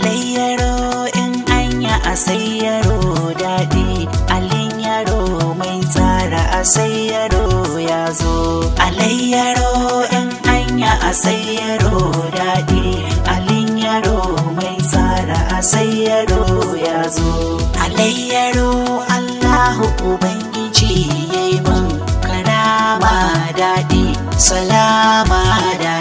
Alin yaro in anya a sai yaro daɗi Alin yaro mai tsara a sai yaro ya zo Alayyaro yaro in anya a sai yaro daɗi Alin yaro mai tsara a sai yaro ya zo Alayyaro Allahu Ubangiji yayi yi karama daɗi salama daɗi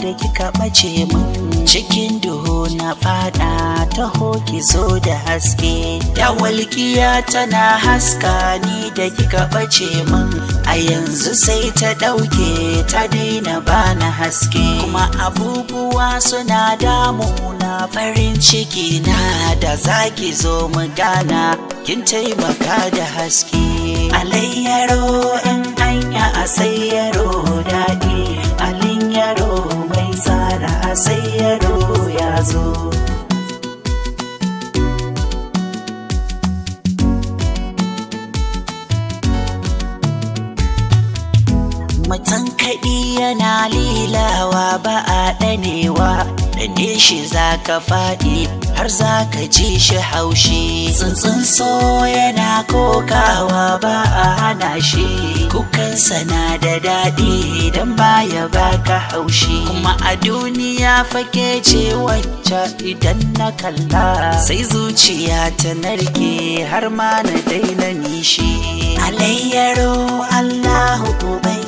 da kika ɓace min cikin duhu na fada taho ki zo da haske da walƙiya tana haska ni da kika ɓace min a yanzu sai ta ɗauke ta daina bana haske kuma abubuwa suna na farin ciki na da zaki zo mu gana kin taimaka da haske alayyaro in anya a sayyaro kaɗi yana lilawa ba a ɗanewa, ɗane shi za ka faɗi har za ka ji shi haushi. Tsuntsun so yana kokawa ba a hana shi, kukansa na da daɗi don baya baka haushi. Kuma a duniya fake ce wacce idan na kalla, sai zuciya ta narke har ma na daina nishi. Alayyaro Allahu bai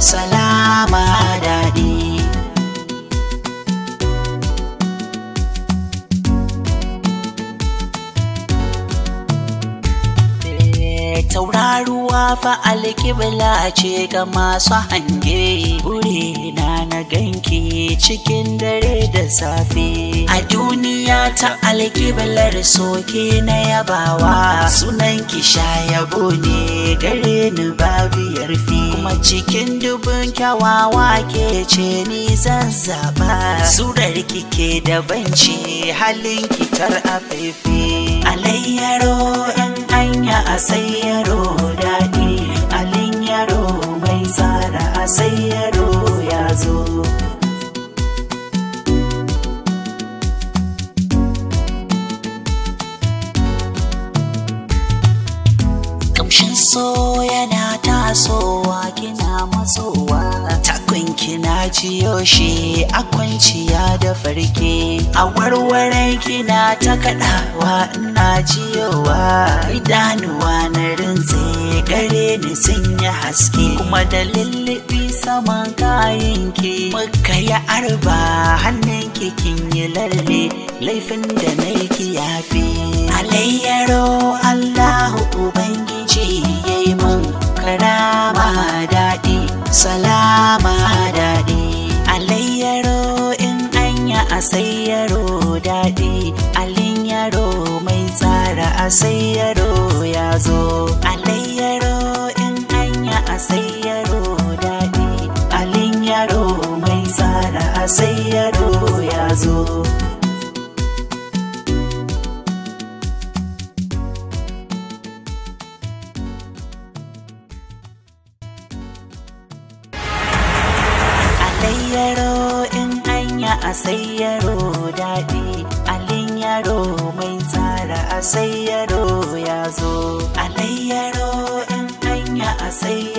salama daɗi eh, tauraruwa fa alƙibla ce ga masu hange wuri cikin dare da safe a duniya ta alkiblar soke na yabawa sunan ki yabo ne dare ni babu yarfi kuma cikin dubin kyawawa ke ce ni zan zaba surar kike da banci halin kitar afefe alayyaro yan hanya a sayyaro daɗi alayyaro mai tsara a sayyaro ya zo so yana tasowa kina matsowa takun kina jiyo shi a kwanciya da farke a warware kina ta kaɗawa ina jiyowa idanuwa na rinse gare ni sun yi haske kuma da lillibi saman kayan ki muka yi arba hannun kin yi lalle laifin da na yi kiyafi salama daɗi alayyaro in anya a sayyaro daɗi alin mai tsara a sayyaro ya zo alayyaro in anya a sayyaro daɗi alin mai tsara a sayyaro ya zo Sayyaro yaro in anya a sai yaro daɗi, alin yaro mai tsara a sai yaro ya zo. Alin yaro in anya a sai